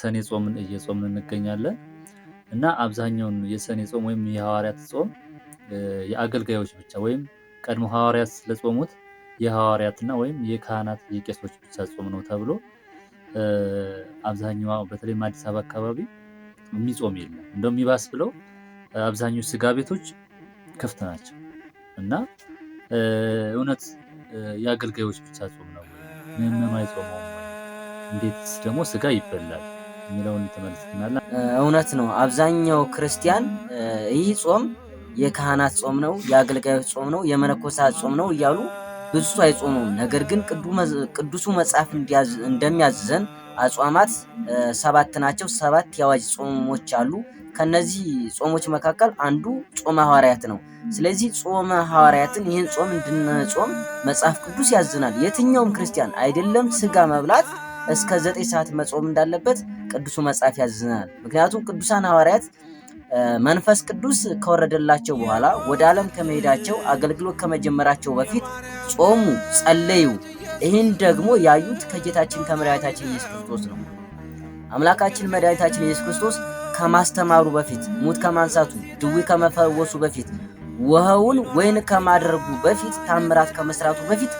ሰኔ ጾምን እየጾምን እንገኛለን እና አብዛኛውን የሰኔ ጾም ወይም የሐዋርያት ጾም የአገልጋዮች ብቻ ወይም ቀድሞ ሐዋርያት ስለጾሙት የሐዋርያትና ወይም የካህናት የቄሶች ብቻ ጾም ነው ተብሎ አብዛኛው በተለይም አዲስ አበባ አካባቢ የሚጾም የለም። እንደው የሚባስ ብለው አብዛኞቹ ስጋ ቤቶች ክፍት ናቸው እና እውነት የአገልጋዮች ብቻ ጾም ነው? ምንም አይጾመውም። እንዴትስ ደግሞ ስጋ ይበላል? የሚለውን ተመልክተናል። እውነት ነው። አብዛኛው ክርስቲያን ይህ ጾም የካህናት ጾም ነው፣ የአገልጋዮች ጾም ነው፣ የመነኮሳት ጾም ነው እያሉ ብዙ አይጾሙም። ነገር ግን ቅዱሱ መጽሐፍ እንደሚያዝዘን አጽዋማት ሰባት ናቸው። ሰባት የአዋጅ ጾሞች አሉ። ከነዚህ ጾሞች መካከል አንዱ ጾመ ሐዋርያት ነው። ስለዚህ ጾመ ሐዋርያትን ይህን ጾም እንድንጾም መጽሐፍ ቅዱስ ያዝናል። የትኛውም ክርስቲያን አይደለም ስጋ መብላት እስከ ዘጠኝ ሰዓት መጾም እንዳለበት ቅዱሱ መጽሐፍ ያዝናል። ምክንያቱም ቅዱሳን ሐዋርያት መንፈስ ቅዱስ ከወረደላቸው በኋላ ወደ ዓለም ከመሄዳቸው አገልግሎት ከመጀመራቸው በፊት ጾሙ፣ ጸለዩ። ይህን ደግሞ ያዩት ከጌታችን ከመድኃኒታችን ኢየሱስ ክርስቶስ ነው። አምላካችን መድኃኒታችን ኢየሱስ ክርስቶስ ከማስተማሩ በፊት ሙት ከማንሳቱ ድዊ ከመፈወሱ በፊት ውሃውን ወይን ከማድረጉ በፊት ታምራት ከመስራቱ በፊት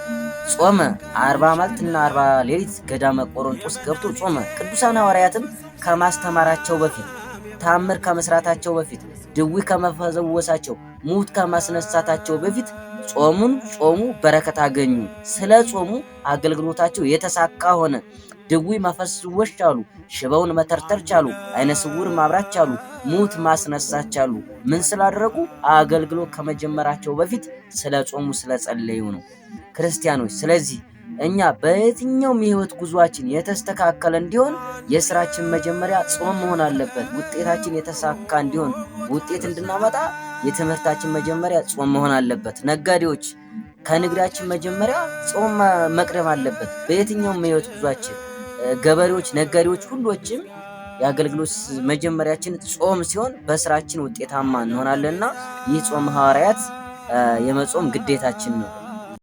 ጾመ አርባ መዓልትና አርባ ሌሊት ገዳመ ቆሮንጦስ ገብቶ ጾመ። ቅዱሳን ሐዋርያትም ከማስተማራቸው በፊት ታምር ከመስራታቸው በፊት ድዊ ከመፈወሳቸው ሙት ከማስነሳታቸው በፊት ጾሙን ጾሙ፣ በረከት አገኙ። ስለ ጾሙ አገልግሎታቸው የተሳካ ሆነ። ድዊ መፈወስ ቻሉ፣ ሽበውን መተርተር ቻሉ፣ አይነ ስውር ማብራት ቻሉ፣ ሙት ማስነሳት ቻሉ። ምን ስላደረጉ? አገልግሎት ከመጀመራቸው በፊት ስለ ጾሙ ስለጸለዩ ነው። ክርስቲያኖች ስለዚህ እኛ በየትኛውም የህይወት ጉዟችን የተስተካከለ እንዲሆን የስራችን መጀመሪያ ጾም መሆን አለበት። ውጤታችን የተሳካ እንዲሆን ውጤት እንድናመጣ የትምህርታችን መጀመሪያ ጾም መሆን አለበት። ነጋዴዎች ከንግዳችን መጀመሪያ ጾም መቅደም አለበት። በየትኛውም የህይወት ጉዟችን ገበሬዎች፣ ነጋዴዎች፣ ሁሎችም የአገልግሎት መጀመሪያችን ጾም ሲሆን በስራችን ውጤታማ እንሆናለንና ይህ ጾም ሐዋርያት የመጾም ግዴታችን ነው።